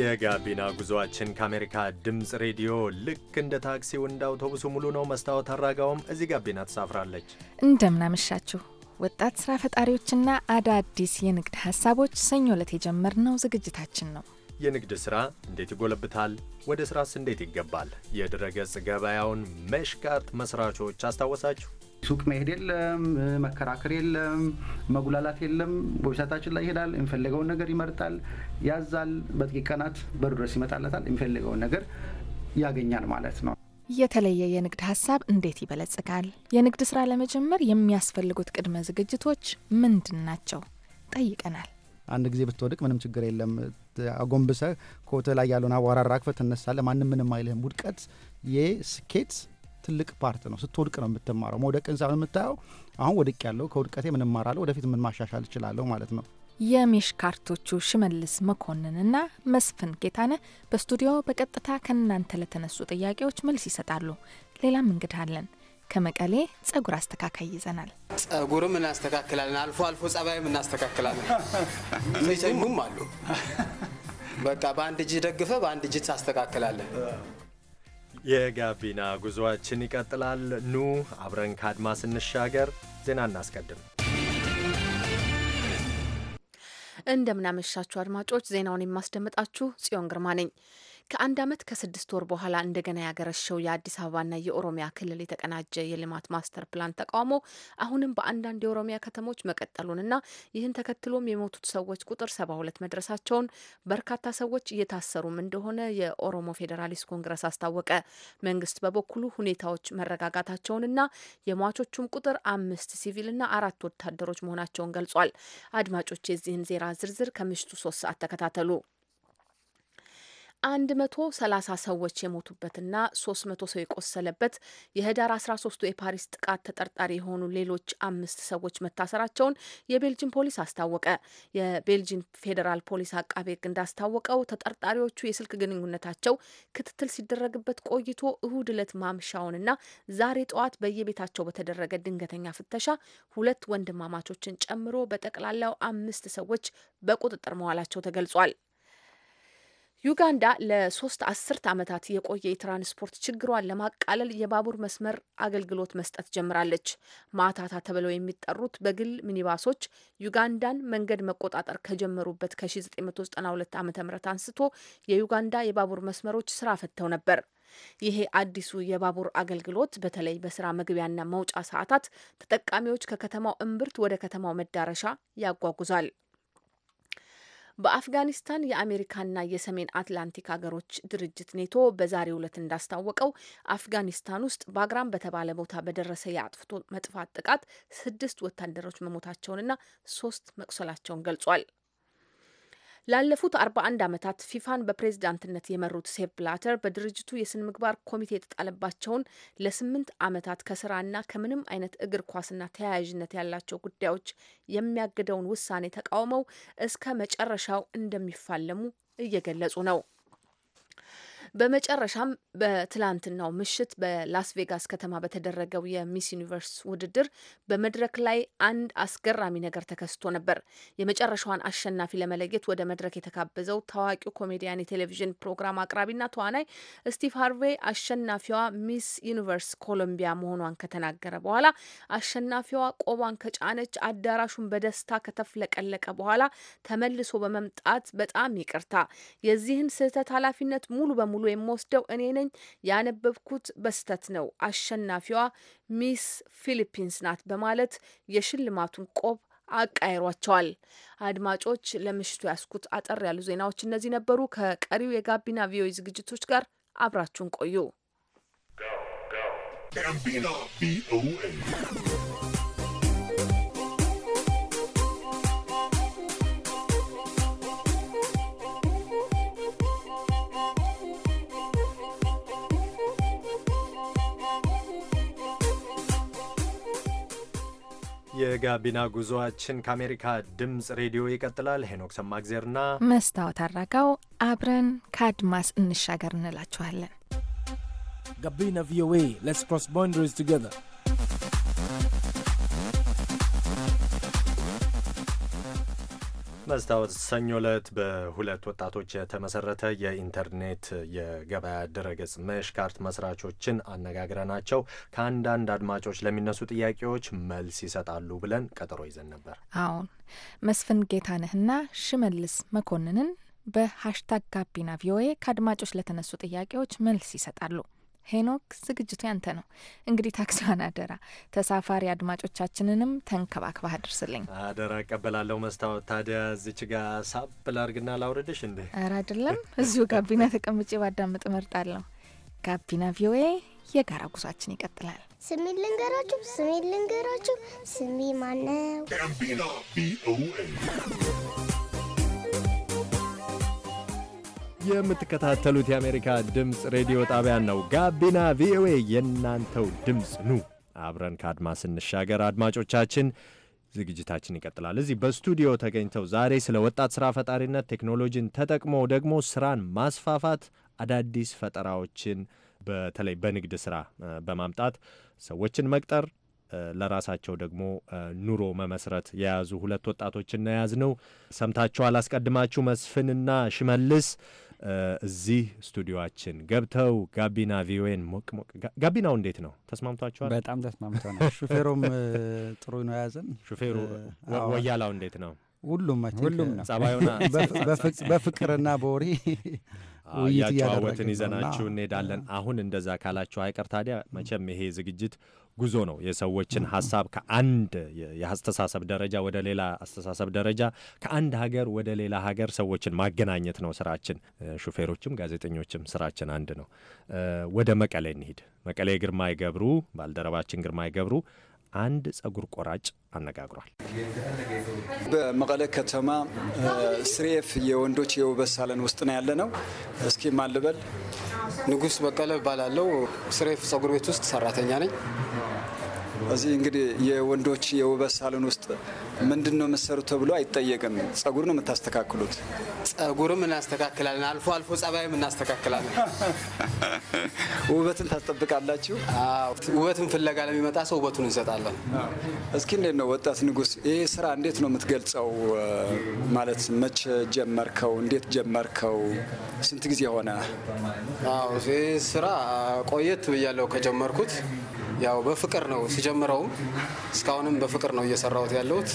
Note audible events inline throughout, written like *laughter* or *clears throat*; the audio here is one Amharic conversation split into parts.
የጋቢና ጉዞአችን ከአሜሪካ ድምፅ ሬዲዮ ልክ እንደ ታክሲው እንደ አውቶቡሱ ሙሉ ነው። መስታወት አራጋውም እዚህ ጋቢና ትሳፍራለች። እንደምናመሻችሁ ወጣት ስራ ፈጣሪዎችና አዳዲስ የንግድ ሀሳቦች ሰኞ ለት የጀመርነው ዝግጅታችን ነው። የንግድ ስራ እንዴት ይጎለብታል? ወደ ስራስ እንዴት ይገባል? የድረገጽ ገበያውን መሽቃት መስራቾች አስታወሳችሁ? ሱቅ መሄድ የለም፣ መከራከር የለም፣ መጉላላት የለም። ዌብሳይታችን ላይ ይሄዳል፣ የሚፈልገውን ነገር ይመርጣል፣ ያዛል። በጥቂት ቀናት በሩ ድረስ ይመጣለታል፣ የሚፈልገውን ነገር ያገኛል ማለት ነው። የተለየ የንግድ ሀሳብ እንዴት ይበለጽጋል? የንግድ ስራ ለመጀመር የሚያስፈልጉት ቅድመ ዝግጅቶች ምንድን ናቸው? ጠይቀናል። አንድ ጊዜ ብትወድቅ ምንም ችግር የለም። አጎንብሰ ኮት ላይ ያለውን አቧራ ራግፈ ትነሳለ። ማንም ምንም አይልህም። ውድቀት የስኬት ትልቅ ፓርት ነው። ስትወድቅ ነው የምትማረው። መውደቅን ሳይሆን የምታየው አሁን ወድቅ ያለው ከውድቀቴ ምን እማራለሁ፣ ወደፊት ምን ማሻሻል እችላለሁ ማለት ነው። የሜሽካርቶቹ ሽመልስ መኮንንና መስፍን ጌታነህ በስቱዲዮ በቀጥታ ከእናንተ ለተነሱ ጥያቄዎች መልስ ይሰጣሉ። ሌላም እንግዳ አለን። ከመቀሌ ጸጉር አስተካካይ ይዘናል። ጸጉርም እናስተካክላለን፣ አልፎ አልፎ ጸባይም እናስተካክላለን። ሚተኙም *laughs* አሉ። በቃ በአንድ እጅ ደግፈ በአንድ እጅ ታስተካክላለን። የጋቢና ጉዞአችን ይቀጥላል። ኑ አብረን ከአድማስ እንሻገር። ዜና እናስቀድም። እንደምናመሻችሁ አድማጮች፣ ዜናውን የማስደምጣችሁ ጽዮን ግርማ ነኝ። ከአንድ ዓመት ከስድስት ወር በኋላ እንደገና ያገረሸው የአዲስ አበባና የኦሮሚያ ክልል የተቀናጀ የልማት ማስተር ፕላን ተቃውሞ አሁንም በአንዳንድ የኦሮሚያ ከተሞች መቀጠሉንና ይህን ተከትሎም የሞቱት ሰዎች ቁጥር ሰባ ሁለት መድረሳቸውን በርካታ ሰዎች እየታሰሩም እንደሆነ የኦሮሞ ፌዴራሊስት ኮንግረስ አስታወቀ። መንግስት በበኩሉ ሁኔታዎች መረጋጋታቸውንና የሟቾቹም ቁጥር አምስት ሲቪልና አራት ወታደሮች መሆናቸውን ገልጿል። አድማጮች የዚህን ዜና ዝርዝር ከምሽቱ ሶስት ሰዓት ተከታተሉ። አንድ መቶ ሰላሳ ሰዎች የሞቱበትና መቶ ሰው የቆሰለበት የህዳር አስራ ሶስቱ የፓሪስ ጥቃት ተጠርጣሪ የሆኑ ሌሎች አምስት ሰዎች መታሰራቸውን የቤልጅን ፖሊስ አስታወቀ። የቤልጅን ፌዴራል ፖሊስ አቃቤ ሕግ እንዳስታወቀው ተጠርጣሪዎቹ የስልክ ግንኙነታቸው ክትትል ሲደረግበት ቆይቶ እሁድ ዕለት ማምሻውንና ዛሬ ጠዋት በየቤታቸው በተደረገ ድንገተኛ ፍተሻ ሁለት ወንድማማቾችን ጨምሮ በጠቅላላው አምስት ሰዎች በቁጥጥር መዋላቸው ተገልጿል። ዩጋንዳ ለሶስት አስርት ዓመታት የቆየ የትራንስፖርት ችግሯን ለማቃለል የባቡር መስመር አገልግሎት መስጠት ጀምራለች። ማታታ ተብለው የሚጠሩት በግል ሚኒባሶች ዩጋንዳን መንገድ መቆጣጠር ከጀመሩበት ከ1992 ዓ ም አንስቶ የዩጋንዳ የባቡር መስመሮች ስራ ፈተው ነበር። ይሄ አዲሱ የባቡር አገልግሎት በተለይ በስራ መግቢያና መውጫ ሰዓታት ተጠቃሚዎች ከከተማው እምብርት ወደ ከተማው መዳረሻ ያጓጉዛል። በአፍጋኒስታን የአሜሪካና የሰሜን አትላንቲክ ሀገሮች ድርጅት ኔቶ በዛሬው ዕለት እንዳስታወቀው አፍጋኒስታን ውስጥ ባግራም በተባለ ቦታ በደረሰ የአጥፍቶ መጥፋት ጥቃት ስድስት ወታደሮች መሞታቸውንና ሶስት መቁሰላቸውን ገልጿል። ላለፉት 41 ዓመታት ፊፋን በፕሬዝዳንትነት የመሩት ሴፕ ብላተር በድርጅቱ የስነ ምግባር ኮሚቴ የተጣለባቸውን ለስምንት ዓመታት ከስራና ከምንም አይነት እግር ኳስና ተያያዥነት ያላቸው ጉዳዮች የሚያግደውን ውሳኔ ተቃውመው እስከ መጨረሻው እንደሚፋለሙ እየገለጹ ነው። በመጨረሻም በትላንትናው ምሽት በላስ ቬጋስ ከተማ በተደረገው የሚስ ዩኒቨርስ ውድድር በመድረክ ላይ አንድ አስገራሚ ነገር ተከስቶ ነበር። የመጨረሻዋን አሸናፊ ለመለየት ወደ መድረክ የተካበዘው ታዋቂው ኮሜዲያን የቴሌቪዥን ፕሮግራም አቅራቢና ተዋናይ ስቲቭ ሃርቬይ አሸናፊዋ ሚስ ዩኒቨርስ ኮሎምቢያ መሆኗን ከተናገረ በኋላ አሸናፊዋ ቆቧን ከጫነች አዳራሹን በደስታ ከተፍለቀለቀ በኋላ ተመልሶ በመምጣት በጣም ይቅርታ የዚህን ስህተት ኃላፊነት ሙሉ በሙሉ የምወስደው እኔ ነኝ። ያነበብኩት በስተት ነው። አሸናፊዋ ሚስ ፊሊፒንስ ናት በማለት የሽልማቱን ቆብ አቃይሯቸዋል። አድማጮች፣ ለምሽቱ ያስኩት አጠር ያሉ ዜናዎች እነዚህ ነበሩ። ከቀሪው የጋቢና ቪኦኤ ዝግጅቶች ጋር አብራችሁን ቆዩ። የጋቢና ጉዞአችን ከአሜሪካ ድምፅ ሬዲዮ ይቀጥላል። ሄኖክ ሰማግዜርና መስታወት አራጋው አብረን ከአድማስ እንሻገር እንላችኋለን። ጋቢና ቪኦኤ ሌትስ ክሮስ ቦንደሪስ ቱጌዘር መስታወት ሰኞ ዕለት በሁለት ወጣቶች የተመሰረተ የኢንተርኔት የገበያ ድረገጽ መሽካርት መስራቾችን አነጋግረናቸው ከአንዳንድ አድማጮች ለሚነሱ ጥያቄዎች መልስ ይሰጣሉ ብለን ቀጠሮ ይዘን ነበር። አሁን መስፍን ጌታነህና ሽመልስ መኮንንን በሀሽታግ ጋቢና ቪኦኤ ከአድማጮች ለተነሱ ጥያቄዎች መልስ ይሰጣሉ። ሄኖክ ዝግጅቱ ያንተ ነው። እንግዲህ ታክሲዋን አደራ፣ ተሳፋሪ አድማጮቻችንንም ተንከባክባ አድርስልኝ። አደራ እቀበላለሁ። መስታወት ታዲያ እዚች ጋ ሳብ ላርግና ላውርድሽ እንዴ? ኧረ አይደለም፣ እዚሁ ጋቢና ተቀምጬ ባዳምጥ እመርጣለሁ። ጋቢና ቪኦኤ የጋራ ጉዟችን ይቀጥላል። ስሜ ልንገራችሁ፣ ስሜ ልንገራችሁ፣ ስሜ ማነው? ጋቢና ቪኦኤ የምትከታተሉት የአሜሪካ ድምፅ ሬዲዮ ጣቢያን ነው። ጋቢና ቪኦኤ የእናንተው ድምፅ ኑ አብረን ከአድማስ ስንሻገር አድማጮቻችን ዝግጅታችን ይቀጥላል። እዚህ በስቱዲዮ ተገኝተው ዛሬ ስለ ወጣት ስራ ፈጣሪነት፣ ቴክኖሎጂን ተጠቅሞ ደግሞ ስራን ማስፋፋት፣ አዳዲስ ፈጠራዎችን በተለይ በንግድ ስራ በማምጣት ሰዎችን መቅጠር፣ ለራሳቸው ደግሞ ኑሮ መመስረት የያዙ ሁለት ወጣቶችን ነው የያዝነው። ሰምታችኋል። አስቀድማችሁ መስፍንና ሽመልስ እዚህ ስቱዲዮችን ገብተው ጋቢና ቪኦኤን ሞቅ ሞቅ። ጋቢናው እንዴት ነው? ተስማምቷቸዋል? በጣም ተስማምተናል። ሹፌሩም ጥሩ ነው የያዘን። ሹፌሩ ወያላው እንዴት ነው? ሁሉም ሁሉም ነው ጸባዩና በፍቅርና በወሬ *laughs* ውይይት እያጫወትን ይዘናችሁ እንሄዳለን። አሁን እንደዛ ካላችሁ አይቀር ታዲያ መቼም ይሄ ዝግጅት ጉዞ ነው። የሰዎችን ሀሳብ ከአንድ የአስተሳሰብ ደረጃ ወደ ሌላ አስተሳሰብ ደረጃ ከአንድ ሀገር ወደ ሌላ ሀገር ሰዎችን ማገናኘት ነው ስራችን። ሹፌሮችም ጋዜጠኞችም ስራችን አንድ ነው። ወደ መቀሌ እንሂድ። መቀሌ ግርማይ ገብሩ ባልደረባችን ግርማይ ገብሩ አንድ ጸጉር ቆራጭ አነጋግሯል። በመቀለ ከተማ ስሬፍ የወንዶች የውበት ሳለን ውስጥ ነው ያለ ነው። እስኪ ማልበል ንጉስ በቀለ እባላለሁ። ስሬፍ ጸጉር ቤት ውስጥ ሰራተኛ ነኝ። እዚህ እንግዲህ የወንዶች የውበት ሳሎን ውስጥ ምንድን ነው የምትሰሩት ተብሎ አይጠየቅም። ጸጉር ነው የምታስተካክሉት? ጸጉርም እናስተካክላለን፣ አልፎ አልፎ ጸባይም እናስተካክላለን። *laughs* ውበትን ታስጠብቃላችሁ? ውበትን ፍለጋ ለሚመጣ ሰው ውበቱን እንሰጣለን። እስኪ እንዴት ነው ወጣት ንጉስ፣ ይህ ስራ እንዴት ነው የምትገልጸው? ማለት መቼ ጀመርከው? እንዴት ጀመርከው? ስንት ጊዜ ሆነ? ስራ ቆየት ብያለው ከጀመርኩት ያው በፍቅር ነው ስጀምረውም እስካሁንም በፍቅር ነው እየሰራሁት ያለሁት።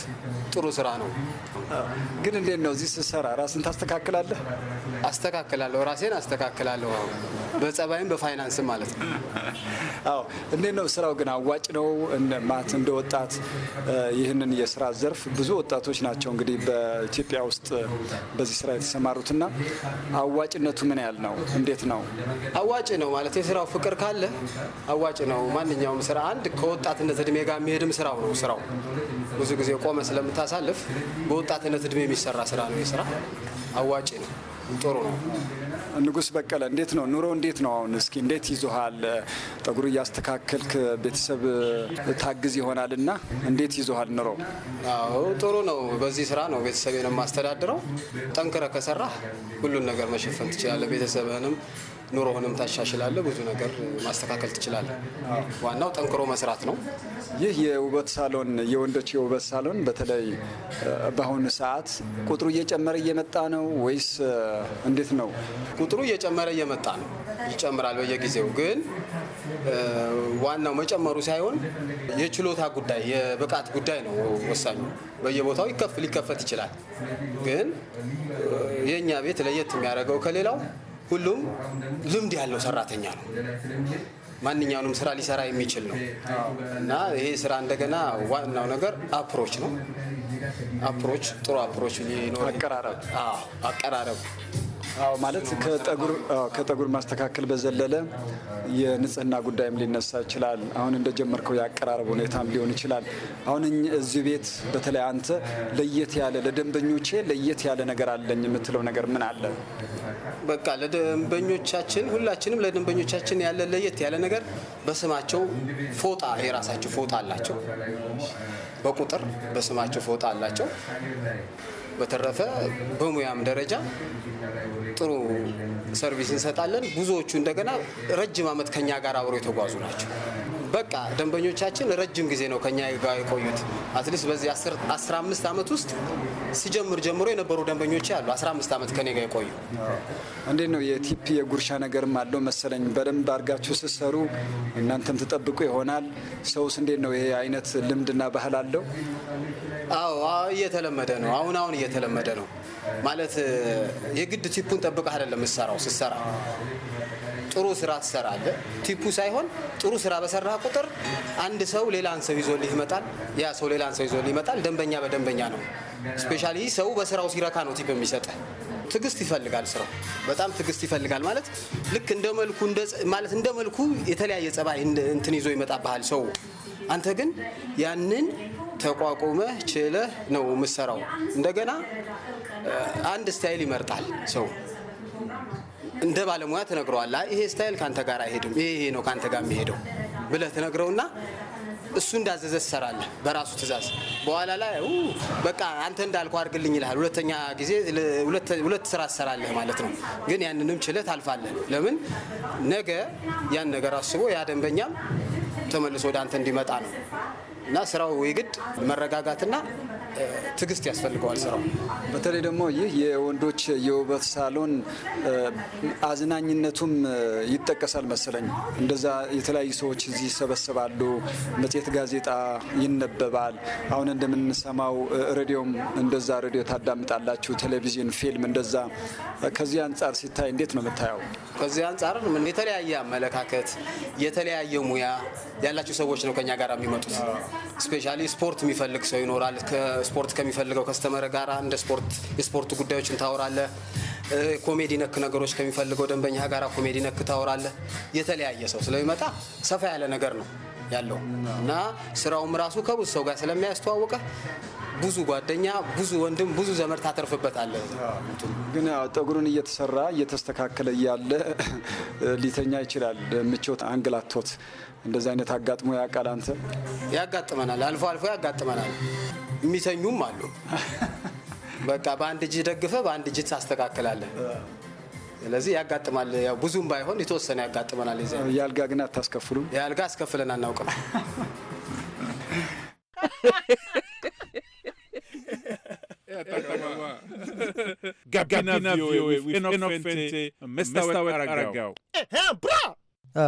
ጥሩ ስራ ነው። ግን እንዴት ነው እዚህ ስትሰራ ራስን ታስተካክላለህ? አስተካክላለሁ፣ ራሴን አስተካክላለሁ። በጸባይም በፋይናንስም ማለት ነው። አዎ። እንዴት ነው ስራው ግን አዋጭ ነው? ማት እንደ ወጣት ይህንን የስራ ዘርፍ ብዙ ወጣቶች ናቸው እንግዲህ በኢትዮጵያ ውስጥ በዚህ ስራ የተሰማሩትና አዋጭነቱ ምን ያህል ነው? እንዴት ነው? አዋጭ ነው ማለት የስራው ፍቅር ካለ አዋጭ ነው ማንኛው ማንኛውም ስራ አንድ ከወጣትነት እድሜ ጋር የሚሄድም ስራው ነው። ስራው ብዙ ጊዜ ቆመ ስለምታሳልፍ በወጣትነት እድሜ የሚሰራ ስራ ነው። የስራ አዋጭ ነው። ጥሩ ነው። ንጉስ በቀለ እንዴት ነው ኑሮ? እንዴት ነው አሁን? እስኪ እንዴት ይዞሃል? ጠጉሩ እያስተካከልክ ቤተሰብ ታግዝ ይሆናል እና እንዴት ይዞሃል ኑሮ? አዎ ጥሩ ነው። በዚህ ስራ ነው ቤተሰቤን የማስተዳድረው። ጠንክረ ከሰራህ ሁሉን ነገር መሸፈን ትችላለህ። ቤተሰብህንም ኑሮህንም ታሻሽላለ፣ ብዙ ነገር ማስተካከል ትችላለ ዋናው ጠንክሮ መስራት ነው። ይህ የውበት ሳሎን የወንዶች የውበት ሳሎን በተለይ በአሁኑ ሰዓት ቁጥሩ እየጨመረ እየመጣ ነው ወይስ እንዴት ነው? ቁጥሩ እየጨመረ እየመጣ ነው። ይጨምራል በየጊዜው ግን ዋናው መጨመሩ ሳይሆን የችሎታ ጉዳይ የብቃት ጉዳይ ነው ወሳኙ። በየቦታው ይከፍ ሊከፈት ይችላል። ግን የእኛ ቤት ለየት የሚያደርገው ከሌላው ሁሉም ልምድ ያለው ሰራተኛ ነው። ማንኛውንም ስራ ሊሰራ የሚችል ነው እና ይሄ ስራ እንደገና ዋናው ነገር አፕሮች ነው። አፕሮች ጥሩ አፕሮች አቀራረብ አቀራረብ አዎ ማለት ከጠጉር ማስተካከል በዘለለ የንጽህና ጉዳይም ሊነሳ ይችላል። አሁን እንደጀመርከው የአቀራረብ ሁኔታም ሊሆን ይችላል። አሁን እዚህ ቤት በተለይ አንተ ለየት ያለ ለደንበኞቼ ለየት ያለ ነገር አለኝ የምትለው ነገር ምን አለ? በቃ ለደንበኞቻችን ሁላችንም ለደንበኞቻችን ያለ ለየት ያለ ነገር በስማቸው ፎጣ የራሳቸው ፎጣ አላቸው። በቁጥር በስማቸው ፎጣ አላቸው። በተረፈ በሙያም ደረጃ ጥሩ ሰርቪስ እንሰጣለን። ብዙዎቹ እንደገና ረጅም ዓመት ከኛ ጋር አብሮ የተጓዙ ናቸው። በቃ ደንበኞቻችን ረጅም ጊዜ ነው ከኛ ጋር የቆዩት። አትሊስት በዚህ 15 ዓመት ውስጥ ሲጀምር ጀምሮ የነበሩ ደንበኞች አሉ 15 ዓመት ከኔ ጋር የቆዩ። እንዴት ነው የቲፕ የጉርሻ ነገርም አለው መሰለኝ። በደንብ አድርጋችሁ ስትሰሩ እናንተም ትጠብቁ ይሆናል። ሰውስ እንዴት ነው ይሄ አይነት ልምድና ባህል አለው? አዎ እየተለመደ ነው። አሁን አሁን እየተለመደ ነው ማለት የግድ ቲፑን ጠብቀህ አይደለም የምትሰራው ስትሰራ ጥሩ ስራ ትሰራለህ። ቲፑ ሳይሆን ጥሩ ስራ በሰራህ ቁጥር አንድ ሰው ሌላን ሰው ይዞልህ ይመጣል። ያ ሰው ሌላን ሰው ይዞልህ ይመጣል። ደንበኛ በደንበኛ ነው። ስፔሻሊ ሰው በስራው ሲረካ ነው ቲፕ የሚሰጥ ትግስት ይፈልጋል ስራው። በጣም ትግስት ይፈልጋል ማለት ልክ እንደ መልኩ ማለት እንደ መልኩ የተለያየ ጸባይ እንትን ይዞ ይመጣብሃል ሰው። አንተ ግን ያንን ተቋቁመህ ችለህ ነው የምትሰራው። እንደገና አንድ ስታይል ይመርጣል ሰው እንደ ባለሙያ ትነግረዋል። ይሄ ስታይል ከአንተ ጋር አይሄድም፣ ይሄ ነው ከአንተ ጋር የሚሄደው ብለህ ትነግረውና እሱ እንዳዘዘ ትሰራለህ በራሱ ትእዛዝ። በኋላ ላይ በቃ አንተ እንዳልኩ አድርግልኝ ይልሃል። ሁለተኛ ጊዜ ሁለት ስራ ትሰራለህ ማለት ነው። ግን ያንንም ችለህ ታልፋለህ። ለምን ነገ ያን ነገር አስቦ ያ ደንበኛም ተመልሶ ወደ አንተ እንዲመጣ ነው እና ስራው የግድ መረጋጋትና ትዕግስት ያስፈልገዋል ስራው። በተለይ ደግሞ ይህ የወንዶች የውበት ሳሎን አዝናኝነቱም ይጠቀሳል መሰለኝ። እንደዛ የተለያዩ ሰዎች እዚህ ይሰበሰባሉ፣ መጽሔት፣ ጋዜጣ ይነበባል። አሁን እንደምንሰማው ሬዲዮም እንደዛ ሬዲዮ ታዳምጣላችሁ፣ ቴሌቪዥን፣ ፊልም እንደዛ። ከዚህ አንጻር ሲታይ እንዴት ነው የምታየው? ከዚህ አንጻር የተለያየ አመለካከት የተለያየ ሙያ ያላቸው ሰዎች ነው ከኛ ጋር የሚመጡት። ስፔሻሊ ስፖርት የሚፈልግ ሰው ይኖራል ስፖርት ከሚፈልገው ከስተመረ ጋራ እንደ ስፖርት የስፖርት ጉዳዮችን ታወራለ። ኮሜዲ ነክ ነገሮች ከሚፈልገው ደንበኛ ጋራ ኮሜዲ ነክ ታወራለ። የተለያየ ሰው ስለሚመጣ ሰፋ ያለ ነገር ነው ያለው እና ስራውም ራሱ ከብዙ ሰው ጋር ስለሚያስተዋውቀ ብዙ ጓደኛ፣ ብዙ ወንድም፣ ብዙ ዘመድ ታተርፍበታለህ። ግን ጠጉሩን እየተሰራ እየተስተካከለ እያለ *clears throat* ሊተኛ ይችላል። ምቾት አንግላቶት እንደዚህ አይነት አጋጥሞ ያውቃል። አንተ ያጋጥመናል፣ አልፎ አልፎ ያጋጥመናል። የሚተኙም አሉ። በቃ በአንድ እጅ ደግፈ በአንድ እጅ ታስተካክላለን። ስለዚህ ያጋጥማል። ያው ብዙም ባይሆን የተወሰነ ያጋጥመናል። ዜ የአልጋ ግን አታስከፍሉም? የአልጋ አስከፍለን አናውቅም። ጋቢና ቪኦኤ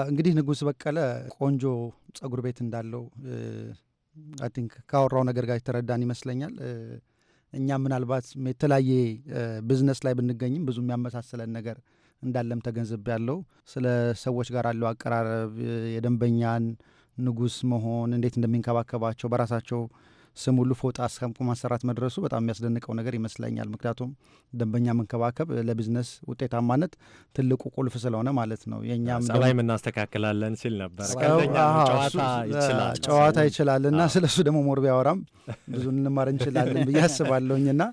እንግዲህ ንጉሥ በቀለ ቆንጆ ጸጉር ቤት እንዳለው አይ ቲንክ ካወራው ነገር ጋር የተረዳን ይመስለኛል። እኛም ምናልባት የተለያየ ቢዝነስ ላይ ብንገኝም ብዙ የሚያመሳሰለን ነገር እንዳለም ተገንዝብ ያለው ስለ ሰዎች ጋር ያለው አቀራረብ፣ የደንበኛን ንጉስ መሆን፣ እንዴት እንደሚንከባከባቸው በራሳቸው ስም ሁሉ ፎጣ እስከ ማሰራት መድረሱ በጣም የሚያስደንቀው ነገር ይመስለኛል። ምክንያቱም ደንበኛ መንከባከብ ለቢዝነስ ውጤታማነት ትልቁ ቁልፍ ስለሆነ ማለት ነው። የእኛም ጸባይም እናስተካክላለን ሲል ነበር። ጨዋታ ይችላል እና ስለ እሱ ደግሞ ሞር ቢያወራም ብዙ እንማር እንችላለን ብዬ *laughs* አስባለሁኝ እና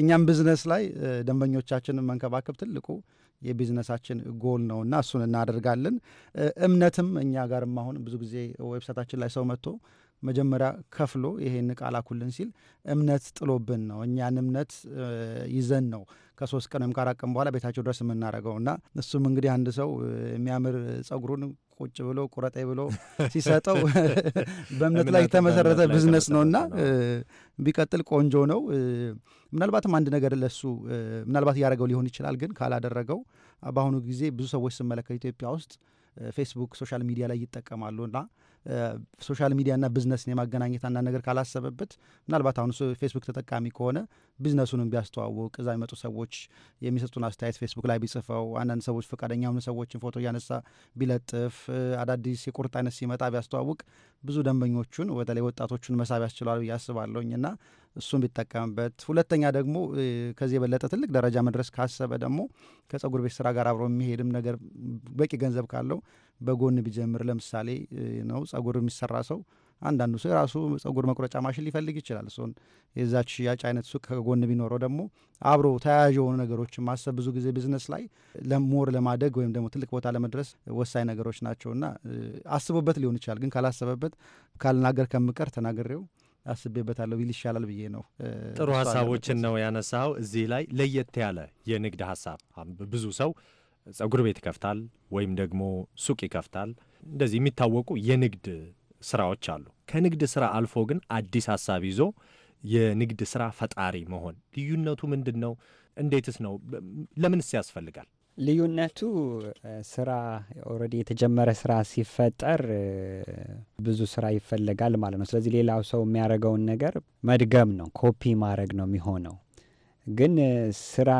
እኛም ቢዝነስ ላይ ደንበኞቻችንን መንከባከብ ትልቁ የቢዝነሳችን ጎል ነው እና እሱን እናደርጋለን። እምነትም እኛ ጋርም አሁን ብዙ ጊዜ ዌብሳይታችን ላይ ሰው መጥቶ መጀመሪያ ከፍሎ ይሄን ቃል አኩልን ሲል እምነት ጥሎብን ነው። እኛን እምነት ይዘን ነው ከሶስት ቀንም ከአራት ቀን በኋላ ቤታቸው ድረስ የምናደርገው እና እሱም እንግዲህ አንድ ሰው የሚያምር ጸጉሩን ቁጭ ብሎ ቁረጤ ብሎ ሲሰጠው *laughs* በእምነት ላይ የተመሰረተ ቢዝነስ ነው እና ቢቀጥል ቆንጆ ነው። ምናልባትም አንድ ነገር ለሱ ምናልባት እያደረገው ሊሆን ይችላል፣ ግን ካላደረገው በአሁኑ ጊዜ ብዙ ሰዎች ስመለከት ኢትዮጵያ ውስጥ ፌስቡክ፣ ሶሻል ሚዲያ ላይ ይጠቀማሉ እና ሶሻል ሚዲያና ቢዝነስን የማገናኘት አንዳንድ ነገር ካላሰበበት ምናልባት አሁን ፌስቡክ ተጠቃሚ ከሆነ ቢዝነሱንም ቢያስተዋውቅ እዛ የሚመጡ ሰዎች የሚሰጡን አስተያየት ፌስቡክ ላይ ቢጽፈው፣ አንዳንድ ሰዎች ፈቃደኛ የሆኑ ሰዎችን ፎቶ እያነሳ ቢለጥፍ፣ አዳዲስ የቁርጥ አይነት ሲመጣ ቢያስተዋውቅ ብዙ ደንበኞቹን በተለይ ወጣቶቹን መሳብ ያስችለዋል ብዬ አስባለሁኝ እና እሱን ቢጠቀምበት፣ ሁለተኛ ደግሞ ከዚህ የበለጠ ትልቅ ደረጃ መድረስ ካሰበ ደግሞ ከጸጉር ቤት ስራ ጋር አብሮ የሚሄድም ነገር በቂ ገንዘብ ካለው በጎን ቢጀምር ለምሳሌ ነው ጸጉር የሚሰራ ሰው አንዳንዱ ሰው የራሱ ጸጉር መቁረጫ ማሽን ሊፈልግ ይችላል። እሱን የዛች ሽያጭ አይነት ሱቅ ከጎን ቢኖረው ደግሞ አብሮ ተያያዥ የሆኑ ነገሮች ማሰብ ብዙ ጊዜ ቢዝነስ ላይ ለሞር ለማደግ ወይም ደግሞ ትልቅ ቦታ ለመድረስ ወሳኝ ነገሮች ናቸውና አስቦበት ሊሆን ይችላል። ግን ካላሰበበት ካልናገር ከምቀር ተናግሬው አስቤበታለሁ ቢል ይሻላል ብዬ ነው። ጥሩ ሀሳቦችን ነው ያነሳው። እዚህ ላይ ለየት ያለ የንግድ ሀሳብ ብዙ ሰው ጸጉር ቤት ይከፍታል ወይም ደግሞ ሱቅ ይከፍታል። እንደዚህ የሚታወቁ የንግድ ስራዎች አሉ። ከንግድ ስራ አልፎ ግን አዲስ ሀሳብ ይዞ የንግድ ስራ ፈጣሪ መሆን ልዩነቱ ምንድን ነው? እንዴትስ ነው? ለምንስ ያስፈልጋል? ልዩነቱ ስራ ኦልሬዲ የተጀመረ ስራ ሲፈጠር ብዙ ስራ ይፈለጋል ማለት ነው። ስለዚህ ሌላው ሰው የሚያደርገውን ነገር መድገም ነው፣ ኮፒ ማድረግ ነው የሚሆነው። ግን ስራ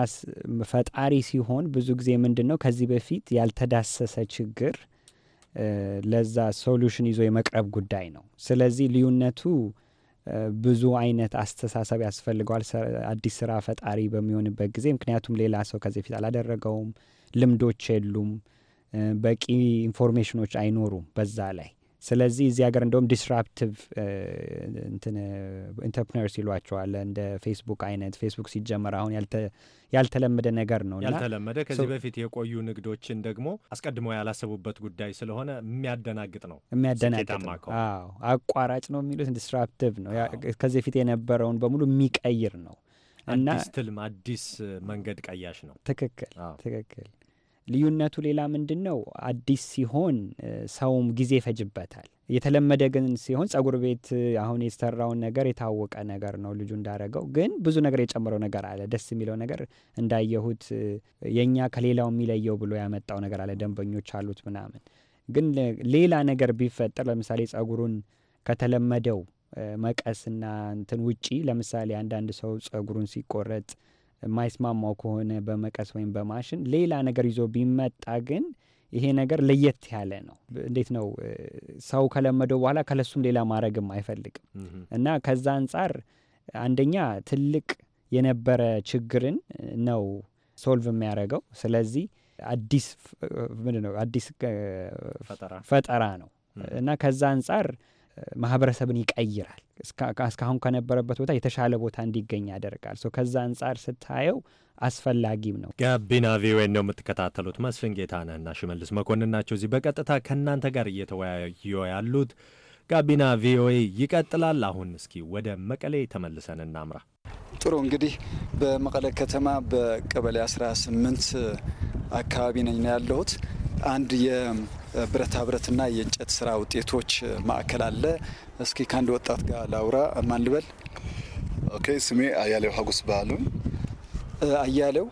ፈጣሪ ሲሆን ብዙ ጊዜ ምንድን ነው ከዚህ በፊት ያልተዳሰሰ ችግር ለዛ ሶሉሽን ይዞ የመቅረብ ጉዳይ ነው። ስለዚህ ልዩነቱ ብዙ አይነት አስተሳሰብ ያስፈልገዋል አዲስ ስራ ፈጣሪ በሚሆንበት ጊዜ። ምክንያቱም ሌላ ሰው ከዚህ ፊት አላደረገውም፣ ልምዶች የሉም፣ በቂ ኢንፎርሜሽኖች አይኖሩም በዛ ላይ ስለዚህ እዚህ ሀገር እንደውም ዲስራፕቲቭ ኢንተርፕነርስ ይሏቸዋል። እንደ ፌስቡክ አይነት ፌስቡክ ሲጀመር አሁን ያልተለመደ ነገር ነው። ያልተለመደ ከዚህ በፊት የቆዩ ንግዶችን ደግሞ አስቀድሞ ያላሰቡበት ጉዳይ ስለሆነ የሚያደናግጥ ነው። የሚያደናግጥ አቋራጭ ነው የሚሉት ዲስራፕቲቭ ነው። ከዚህ በፊት የነበረውን በሙሉ የሚቀይር ነው እና አዲስ ትልም አዲስ መንገድ ቀያሽ ነው። ትክክል ትክክል። ልዩነቱ ሌላ ምንድን ነው? አዲስ ሲሆን ሰውም ጊዜ ይፈጅበታል። የተለመደ ግን ሲሆን ጸጉር ቤት አሁን የተሰራውን ነገር የታወቀ ነገር ነው። ልጁ እንዳረገው ግን ብዙ ነገር የጨምረው ነገር አለ። ደስ የሚለው ነገር እንዳየሁት የእኛ ከሌላው የሚለየው ብሎ ያመጣው ነገር አለ። ደንበኞች አሉት ምናምን። ግን ሌላ ነገር ቢፈጠር ለምሳሌ ጸጉሩን ከተለመደው መቀስና እንትን ውጪ ለምሳሌ አንዳንድ ሰው ጸጉሩን ሲቆረጥ የማይስማማው ከሆነ በመቀስ ወይም በማሽን ሌላ ነገር ይዞ ቢመጣ ግን ይሄ ነገር ለየት ያለ ነው። እንዴት ነው ሰው ከለመደው በኋላ ከለሱም ሌላ ማድረግም አይፈልግም እና ከዛ አንጻር አንደኛ ትልቅ የነበረ ችግርን ነው ሶልቭ የሚያደርገው። ስለዚህ አዲስ ምንድን ነው አዲስ ፈጠራ ነው እና ከዛ አንጻር ማህበረሰብን ይቀይራል። እስካሁን ከነበረበት ቦታ የተሻለ ቦታ እንዲገኝ ያደርጋል። ከዛ አንጻር ስታየው አስፈላጊም ነው። ጋቢና ቪኦኤ ነው የምትከታተሉት። መስፍን ጌታነህ እና ሽመልስ መኮንን ናቸው እዚህ በቀጥታ ከእናንተ ጋር እየተወያዩ ያሉት። ጋቢና ቪኦኤ ይቀጥላል። አሁን እስኪ ወደ መቀሌ ተመልሰን እናምራ። ጥሩ እንግዲህ በመቀለ ከተማ በቀበሌ 18 አካባቢ ነኝ ያለሁት አንድ ብረታ ብረትና የእንጨት ስራ ውጤቶች ማዕከል አለ። እስኪ ከአንድ ወጣት ጋር ላውራ። ማን ልበል? ኦኬ፣ ስሜ አያሌው ሀጉስ ባህሉ። አያሌው፣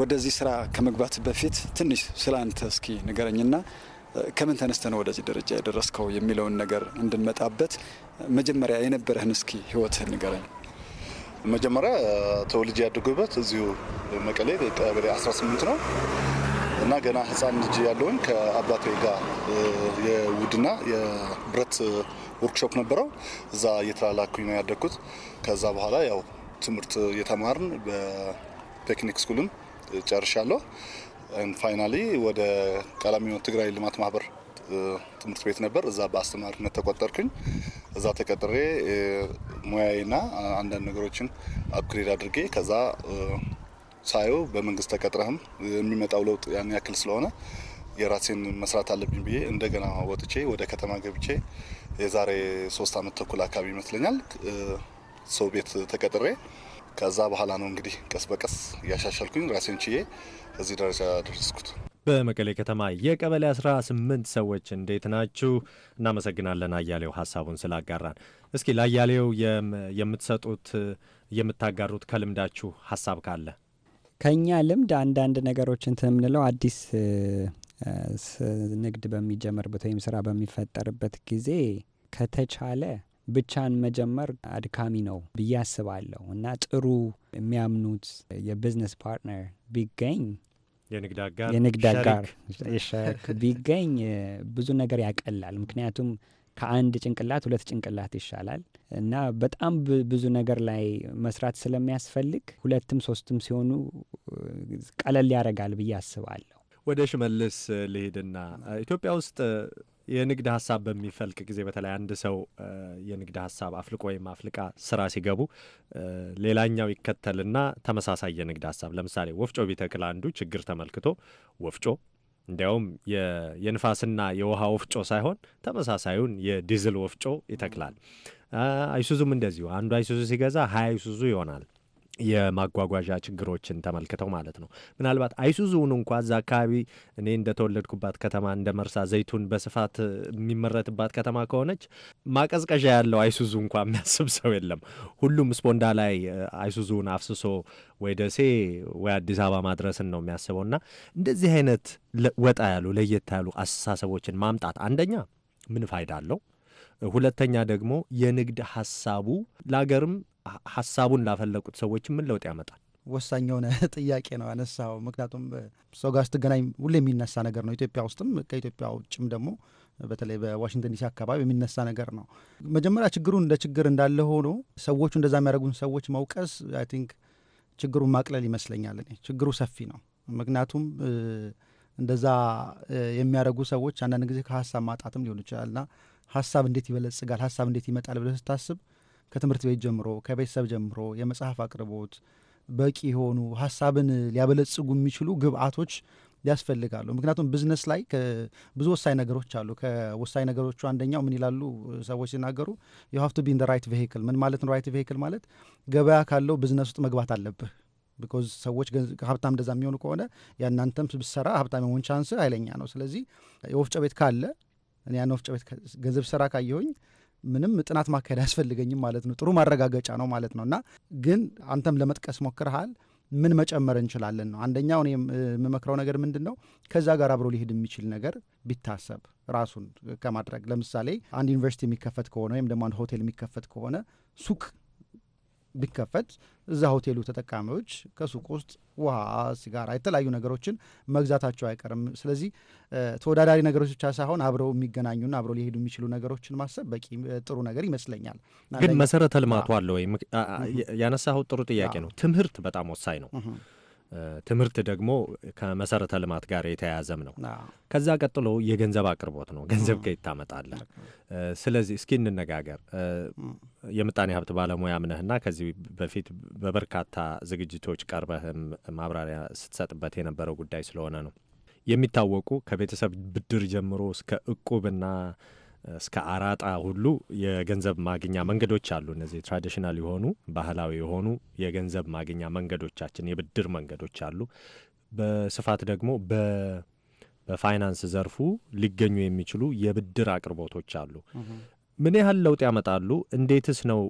ወደዚህ ስራ ከመግባት በፊት ትንሽ ስለ አንተ እስኪ ንገረኝና ከምን ተነስተ ነው ወደዚህ ደረጃ የደረስከው የሚለውን ነገር እንድንመጣበት፣ መጀመሪያ የነበረህን እስኪ ህይወትህን ንገረኝ። መጀመሪያ ተወልጄ ያደጉበት እዚሁ መቀሌ ቀበሌ 18 ነው። እና ገና ህፃን ልጅ ያለውን ከአባቴ ጋር የውድና የብረት ወርክሾፕ ነበረው። እዛ እየተላላኩኝ ነው ያደግኩት። ከዛ በኋላ ያው ትምህርት እየተማርን በቴክኒክ ስኩልም ጨርሻለሁ። ፋይናሊ ወደ ቀላሚኖ ትግራይ ልማት ማህበር ትምህርት ቤት ነበር። እዛ በአስተማሪነት ተቆጠርኩኝ። እዛ ተቀጥሬ ሙያዬና አንዳንድ ነገሮችን አፕግሬድ አድርጌ ከዛ ሳየው በመንግስት ተቀጥረህም የሚመጣው ለውጥ ያን ያክል ስለሆነ የራሴን መስራት አለብኝ ብዬ እንደገና ወጥቼ ወደ ከተማ ገብቼ የዛሬ ሶስት አመት ተኩል አካባቢ ይመስለኛል ሰው ቤት ተቀጥሬ ከዛ በኋላ ነው እንግዲህ ቀስ በቀስ እያሻሻልኩኝ ራሴን ችዬ እዚህ ደረጃ ደረስኩት። በመቀሌ ከተማ የቀበሌ 18 ሰዎች እንዴት ናችሁ? እናመሰግናለን አያሌው ሀሳቡን ስላጋራን። እስኪ ለአያሌው የምትሰጡት የምታጋሩት ከልምዳችሁ ሀሳብ ካለ ከእኛ ልምድ አንዳንድ ነገሮችን የምንለው አዲስ ንግድ በሚጀመርበት ወይም ስራ በሚፈጠርበት ጊዜ ከተቻለ ብቻን መጀመር አድካሚ ነው ብዬ አስባለሁ እና ጥሩ የሚያምኑት የቢዝነስ ፓርትነር ቢገኝ የንግድ አጋር ቢገኝ ብዙ ነገር ያቀላል። ምክንያቱም ከአንድ ጭንቅላት ሁለት ጭንቅላት ይሻላል እና በጣም ብዙ ነገር ላይ መስራት ስለሚያስፈልግ ሁለትም ሶስትም ሲሆኑ ቀለል ያደርጋል ብዬ አስባለሁ። ወደ ሽመልስ ልሂድና ኢትዮጵያ ውስጥ የንግድ ሀሳብ በሚፈልቅ ጊዜ በተለይ አንድ ሰው የንግድ ሀሳብ አፍልቆ ወይም አፍልቃ ስራ ሲገቡ ሌላኛው ይከተልና ተመሳሳይ የንግድ ሀሳብ ለምሳሌ ወፍጮ ቢተክል አንዱ ችግር ተመልክቶ ወፍጮ እንዲያውም የንፋስና የውሃ ወፍጮ ሳይሆን ተመሳሳዩን የዲዝል ወፍጮ ይተክላል። አይሱዙም እንደዚሁ አንዱ አይሱዙ ሲገዛ ሀያ አይሱዙ ይሆናል። የማጓጓዣ ችግሮችን ተመልክተው ማለት ነው። ምናልባት አይሱዙውን እንኳ እዛ አካባቢ እኔ እንደተወለድኩባት ከተማ እንደ መርሳ ዘይቱን በስፋት የሚመረትባት ከተማ ከሆነች ማቀዝቀዣ ያለው አይሱዙ እንኳ የሚያስብ ሰው የለም። ሁሉም ስፖንዳ ላይ አይሱዙውን አፍስሶ ወይ ደሴ ወይ አዲስ አበባ ማድረስን ነው የሚያስበው እና እንደዚህ አይነት ወጣ ያሉ ለየት ያሉ አስተሳሰቦችን ማምጣት አንደኛ ምን ፋይዳ አለው? ሁለተኛ ደግሞ የንግድ ሀሳቡ ለሀገርም ሀሳቡን ላፈለቁት ሰዎች ምን ለውጥ ያመጣል? ወሳኝ የሆነ *laughs* ጥያቄ ነው ያነሳው። ምክንያቱም ሰው ጋር ስትገናኝ ሁሌ የሚነሳ ነገር ነው። ኢትዮጵያ ውስጥም ከኢትዮጵያ ውጭም ደግሞ በተለይ በዋሽንግተን ዲሲ አካባቢ የሚነሳ ነገር ነው። መጀመሪያ ችግሩ እንደ ችግር እንዳለ ሆኖ ሰዎቹ እንደዛ የሚያደርጉን ሰዎች መውቀስ አይ ቲንክ ችግሩን ማቅለል ይመስለኛል። እኔ ችግሩ ሰፊ ነው። ምክንያቱም እንደዛ የሚያደርጉ ሰዎች አንዳንድ ጊዜ ከሀሳብ ማጣትም ሊሆን ይችላልና ሀሳብ እንዴት ይበለጽጋል፣ ሀሳብ እንዴት ይመጣል ብለህ ስታስብ ከትምህርት ቤት ጀምሮ ከቤተሰብ ጀምሮ የመጽሐፍ አቅርቦት በቂ የሆኑ ሀሳብን ሊያበለጽጉ የሚችሉ ግብአቶች ያስፈልጋሉ። ምክንያቱም ቢዝነስ ላይ ብዙ ወሳኝ ነገሮች አሉ። ከወሳኝ ነገሮቹ አንደኛው ምን ይላሉ ሰዎች ሲናገሩ ዩ ሃቭ ቱ ቢ ኢን ራይት ቬሂክል። ምን ማለት ነው? ራይት ቬሂክል ማለት ገበያ ካለው ቢዝነስ ውስጥ መግባት አለብህ። ቢኮዝ ሰዎች ሀብታም እንደዛ የሚሆኑ ከሆነ ያናንተም ብሰራ ሀብታም የሆን ቻንስ ኃይለኛ ነው። ስለዚህ የወፍጮ ቤት ካለ እኔ ያን ወፍጮ ቤት ገንዘብ ስራ ካየሁኝ ምንም ጥናት ማካሄድ አያስፈልገኝም ማለት ነው። ጥሩ ማረጋገጫ ነው ማለት ነው። እና ግን አንተም ለመጥቀስ ሞክርሃል ምን መጨመር እንችላለን ነው። አንደኛው እኔ የምመክረው ነገር ምንድን ነው፣ ከዛ ጋር አብሮ ሊሄድ የሚችል ነገር ቢታሰብ ራሱን ከማድረግ ለምሳሌ አንድ ዩኒቨርሲቲ የሚከፈት ከሆነ ወይም ደግሞ አንድ ሆቴል የሚከፈት ከሆነ ሱቅ ቢከፈት እዛ ሆቴሉ ተጠቃሚዎች ከሱቅ ውስጥ ውሃ፣ ሲጋራ፣ የተለያዩ ነገሮችን መግዛታቸው አይቀርም። ስለዚህ ተወዳዳሪ ነገሮች ብቻ ሳይሆን አብረው የሚገናኙና አብረው ሊሄዱ የሚችሉ ነገሮችን ማሰብ በቂ ጥሩ ነገር ይመስለኛል። ግን መሰረተ ልማቱ አለ ወይ? ያነሳኸው ጥሩ ጥያቄ ነው። ትምህርት በጣም ወሳኝ ነው። ትምህርት ደግሞ ከመሰረተ ልማት ጋር የተያያዘም ነው። ከዛ ቀጥሎ የገንዘብ አቅርቦት ነው። ገንዘብ ከየት ታመጣለህ? ስለዚህ እስኪ እንነጋገር። የምጣኔ ሀብት ባለሙያ ምነህና ከዚህ በፊት በበርካታ ዝግጅቶች ቀርበህም ማብራሪያ ስትሰጥበት የነበረው ጉዳይ ስለሆነ ነው የሚታወቁ ከቤተሰብ ብድር ጀምሮ እስከ እቁብና እስከ አራጣ ሁሉ የገንዘብ ማግኛ መንገዶች አሉ። እነዚህ ትራዲሽናል የሆኑ ባህላዊ የሆኑ የገንዘብ ማግኛ መንገዶቻችን የብድር መንገዶች አሉ። በስፋት ደግሞ በፋይናንስ ዘርፉ ሊገኙ የሚችሉ የብድር አቅርቦቶች አሉ። ምን ያህል ለውጥ ያመጣሉ? እንዴትስ ነው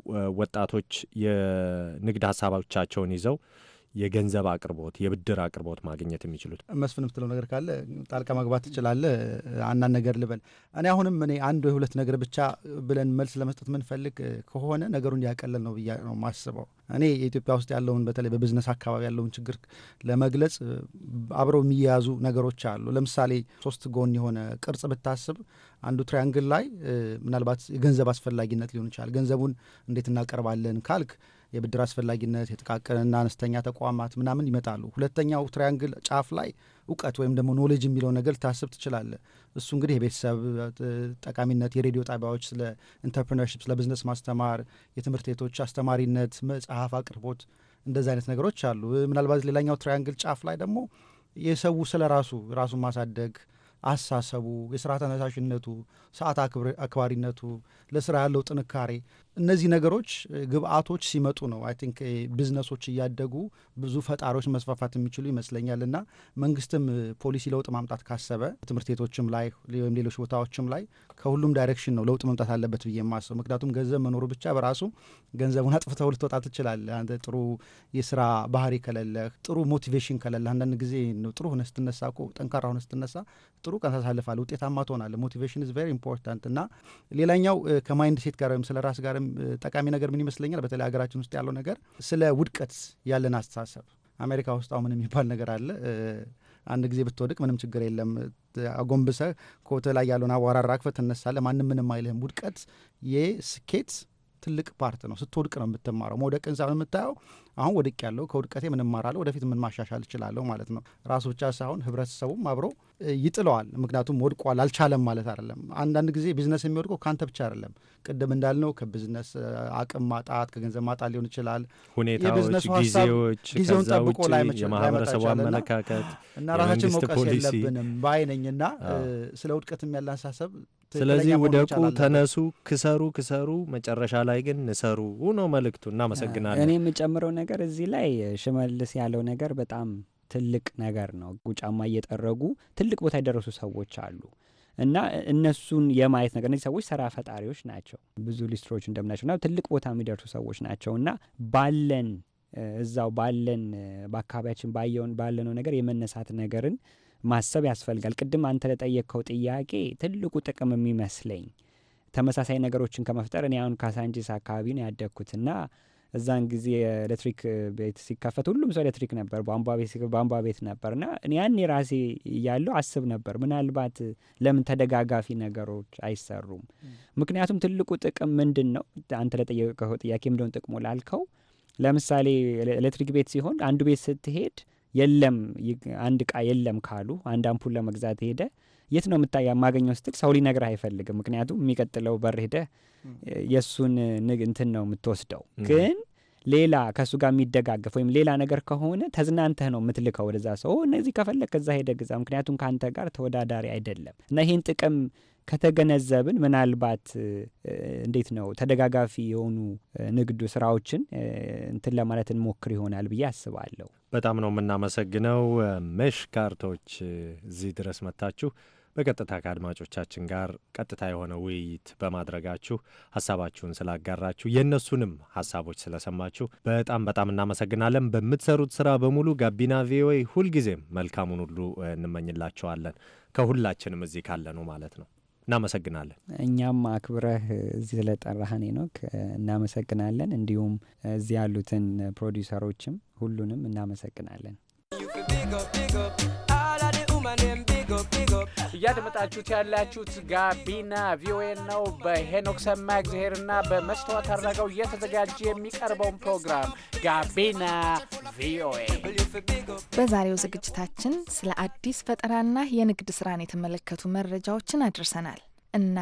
ወጣቶች የንግድ ሀሳቦቻቸውን ይዘው የገንዘብ አቅርቦት፣ የብድር አቅርቦት ማግኘት የሚችሉት? መስፍን የምትለው ነገር ካለ ጣልቃ መግባት ትችላለህ። አናን ነገር ልበል እኔ አሁንም እኔ አንድ ወይ ሁለት ነገር ብቻ ብለን መልስ ለመስጠት ምንፈልግ ከሆነ ነገሩን ያቀለል ነው ብዬ ነው ማስበው። እኔ የኢትዮጵያ ውስጥ ያለውን በተለይ በቢዝነስ አካባቢ ያለውን ችግር ለመግለጽ አብረው የሚያያዙ ነገሮች አሉ። ለምሳሌ ሶስት ጎን የሆነ ቅርጽ ብታስብ አንዱ ትሪያንግል ላይ ምናልባት የገንዘብ አስፈላጊነት ሊሆን ይችላል። ገንዘቡን እንዴት እናቀርባለን ካልክ የብድር አስፈላጊነት፣ የጥቃቅንና አነስተኛ ተቋማት ምናምን ይመጣሉ። ሁለተኛው ትሪያንግል ጫፍ ላይ እውቀት ወይም ደግሞ ኖሌጅ የሚለው ነገር ልታስብ ትችላለ። እሱ እንግዲህ የቤተሰብ ጠቃሚነት፣ የሬዲዮ ጣቢያዎች ስለ ኢንተርፕርነርሽፕ፣ ስለ ቢዝነስ ማስተማር፣ የትምህርት ቤቶች አስተማሪነት፣ መጽሐፍ አቅርቦት እንደዚህ አይነት ነገሮች አሉ። ምናልባት ሌላኛው ትሪያንግል ጫፍ ላይ ደግሞ የሰው ስለ ራሱ ራሱን ማሳደግ አሳሰቡ፣ የስራ ተነሳሽነቱ፣ ሰዓት አክባሪነቱ፣ ለስራ ያለው ጥንካሬ እነዚህ ነገሮች ግብአቶች ሲመጡ ነው አይ ቲንክ ቢዝነሶች እያደጉ ብዙ ፈጣሪዎች መስፋፋት የሚችሉ ይመስለኛል። እና መንግስትም ፖሊሲ ለውጥ ማምጣት ካሰበ ትምህርት ቤቶችም ላይ ወይም ሌሎች ቦታዎችም ላይ ከሁሉም ዳይሬክሽን ነው ለውጥ መምጣት አለበት ብዬ የማስበው። ምክንያቱም ገንዘብ መኖሩ ብቻ በራሱ ገንዘቡን አጥፍተው ልትወጣ ትችላለህ። አንተ ጥሩ የስራ ባህሪ ከሌለህ፣ ጥሩ ሞቲቬሽን ከሌለህ፣ አንዳንድ ጊዜ ጥሩ ሆነ ስትነሳ እኮ ጠንካራ ሆነ ስትነሳ ጥሩ ቀን ታሳልፋለህ፣ ውጤታማ ትሆናለህ። ሞቲቬሽን ኢዝ ቨሪ ኢምፖርታንት እና ሌላኛው ከማይንድ ሴት ጋር ወይም ስለ ራስ ጋር ጠቃሚ ነገር ምን ይመስለኛል፣ በተለይ ሀገራችን ውስጥ ያለው ነገር ስለ ውድቀት ያለን አስተሳሰብ። አሜሪካ ውስጥ አሁን የሚባል ነገር አለ? አንድ ጊዜ ብትወድቅ ምንም ችግር የለም። አጎንብሰ ኮት ላይ ያለውን አቧራ ራግፈህ ትነሳለ፣ ማንም ምንም አይልህም። ውድቀት የስኬት ትልቅ ፓርት ነው። ስትወድቅ ነው የምትማረው። መውደቅን ሳይሆን የምታየው አሁን ወድቅ ያለው ከውድቀቴ ምን እማራለሁ፣ ወደፊት ምን ማሻሻል እችላለሁ ማለት ነው። ራሱ ብቻ ሳይሆን ህብረተሰቡም አብሮ ይጥለዋል። ምክንያቱም ወድቋል አልቻለም ማለት አይደለም። አንዳንድ ጊዜ ቢዝነስ የሚወድቀው ከአንተ ብቻ አይደለም። ቅድም እንዳልነው ከቢዝነስ አቅም ማጣት፣ ከገንዘብ ማጣት ሊሆን ይችላል። ሁኔታዎች፣ ጊዜውን ጠብቆ የማህበረሰቡ አመለካከት እና ራሳችን መውቀስ የለብንም በአይነኝና ስለ ውድቀትም ያለ አሳሰብ ስለዚህ ውደቁ፣ ተነሱ፣ ክሰሩ ክሰሩ፣ መጨረሻ ላይ ግን ንሰሩ ነው መልእክቱ። እናመሰግናለን። እኔ የምጨምረው ነገር እዚህ ላይ ሽመልስ ያለው ነገር በጣም ትልቅ ነገር ነው። ጫማ እየጠረጉ ትልቅ ቦታ የደረሱ ሰዎች አሉ እና እነሱን የማየት ነገር እነዚህ ሰዎች ስራ ፈጣሪዎች ናቸው፣ ብዙ ሊስትሮች እንደምናቸው እና ትልቅ ቦታ የሚደርሱ ሰዎች ናቸው እና ባለን እዛው ባለን በአካባቢያችን ባየውን ባለነው ነገር የመነሳት ነገርን ማሰብ ያስፈልጋል። ቅድም አንተ ለጠየቅከው ጥያቄ ትልቁ ጥቅም የሚመስለኝ ተመሳሳይ ነገሮችን ከመፍጠር እኔ አሁን ካሳንጂስ አካባቢ ነው ያደግኩትና እዛን ጊዜ ኤሌክትሪክ ቤት ሲከፈት ሁሉም ሰው ኤሌክትሪክ ነበር፣ ቧንቧ ቤት ነበር እና ያኔ ራሴ እያለሁ አስብ ነበር ምናልባት ለምን ተደጋጋፊ ነገሮች አይሰሩም? ምክንያቱም ትልቁ ጥቅም ምንድን ነው? አንተ ለጠየቀው ጥያቄ ምንድነው ጥቅሙ ላልከው፣ ለምሳሌ ኤሌክትሪክ ቤት ሲሆን አንዱ ቤት ስትሄድ የለም አንድ እቃ የለም ካሉ አንድ አምፑል ለመግዛት ሄደ የት ነው የምታ የማገኘው ስትል ሰው ሊነግርህ አይፈልግም። ምክንያቱም የሚቀጥለው በር ሄደ የእሱን እንትን ነው የምትወስደው። ግን ሌላ ከእሱ ጋር የሚደጋገፍ ወይም ሌላ ነገር ከሆነ ተዝናንተህ ነው የምትልከው ወደዛ ሰው እነዚህ ከፈለግ ከዛ ሄደ ግዛ፣ ምክንያቱም ከአንተ ጋር ተወዳዳሪ አይደለም እና ይህን ጥቅም ከተገነዘብን ምናልባት እንዴት ነው ተደጋጋፊ የሆኑ ንግዱ ስራዎችን እንትን ለማለት እንሞክር ይሆናል ብዬ አስባለሁ። በጣም ነው የምናመሰግነው። ሜሽ ካርቶች እዚህ ድረስ መጥታችሁ በቀጥታ ከአድማጮቻችን ጋር ቀጥታ የሆነ ውይይት በማድረጋችሁ ሀሳባችሁን ስላጋራችሁ የእነሱንም ሀሳቦች ስለሰማችሁ በጣም በጣም እናመሰግናለን። በምትሰሩት ስራ በሙሉ ጋቢና ቪኦኤ ሁልጊዜም መልካሙን ሁሉ እንመኝላቸዋለን። ከሁላችንም እዚህ ካለነው ማለት ነው። እናመሰግናለን። እኛም አክብረህ እዚህ ስለጠራህን ኖክ እናመሰግናለን። እንዲሁም እዚህ ያሉትን ፕሮዲውሰሮችም ሁሉንም እናመሰግናለን። እያደመጣችሁት ያላችሁት ጋቢና ቪኦኤ ነው። በሄኖክ ሰማ እግዚአብሔርና በመስተዋት አድረገው እየተዘጋጀ የሚቀርበውን ፕሮግራም ጋቢና ቪኦኤ። በዛሬው ዝግጅታችን ስለ አዲስ ፈጠራና የንግድ ስራን የተመለከቱ መረጃዎችን አድርሰናል እና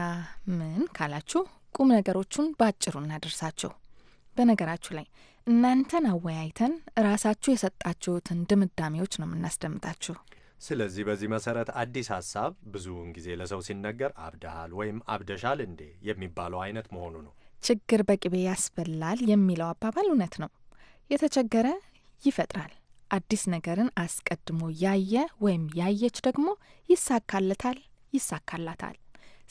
ምን ካላችሁ ቁም ነገሮቹን በአጭሩ እናደርሳችሁ። በነገራችሁ ላይ እናንተን አወያይተን ራሳችሁ የሰጣችሁትን ድምዳሜዎች ነው የምናስደምጣችሁ። ስለዚህ በዚህ መሰረት አዲስ ሀሳብ ብዙውን ጊዜ ለሰው ሲነገር አብደሃል ወይም አብደሻል እንዴ የሚባለው አይነት መሆኑ ነው። ችግር በቅቤ ያስበላል የሚለው አባባል እውነት ነው። የተቸገረ ይፈጥራል። አዲስ ነገርን አስቀድሞ ያየ ወይም ያየች ደግሞ ይሳካለታል፣ ይሳካላታል።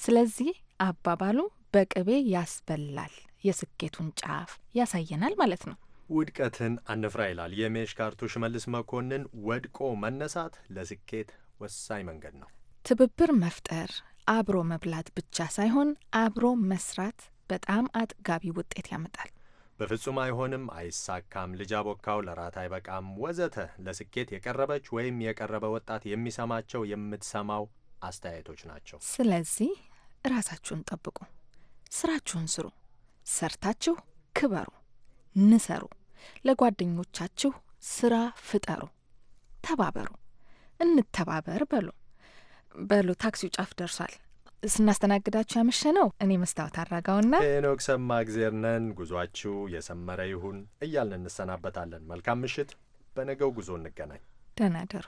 ስለዚህ አባባሉ በቅቤ ያስበላል የስኬቱን ጫፍ ያሳየናል ማለት ነው። ውድቀትን አንፍራ ይላል የሜሽካርቱ ሽመልስ መኮንን። ወድቆ መነሳት ለስኬት ወሳኝ መንገድ ነው። ትብብር መፍጠር፣ አብሮ መብላት ብቻ ሳይሆን አብሮ መስራት በጣም አጥጋቢ ውጤት ያመጣል። በፍጹም አይሆንም፣ አይሳካም፣ ልጅ አቦካው፣ ለራት አይበቃም፣ ወዘተ ለስኬት የቀረበች ወይም የቀረበ ወጣት የሚሰማቸው የምትሰማው አስተያየቶች ናቸው። ስለዚህ ራሳችሁን ጠብቁ፣ ስራችሁን ስሩ፣ ሰርታችሁ ክበሩ። ንሰሩ፣ ለጓደኞቻችሁ ስራ ፍጠሩ፣ ተባበሩ፣ እንተባበር በሉ በሉ። ታክሲው ጫፍ ደርሷል። ስናስተናግዳችሁ ያመሸ ነው። እኔ መስታወት አራጋውና ኖክ ሰማ እግዜር ጉዟችሁ የሰመረ ይሁን እያልን እንሰናበታለን። መልካም ምሽት። በነገው ጉዞ እንገናኝ። ደህና ደሩ።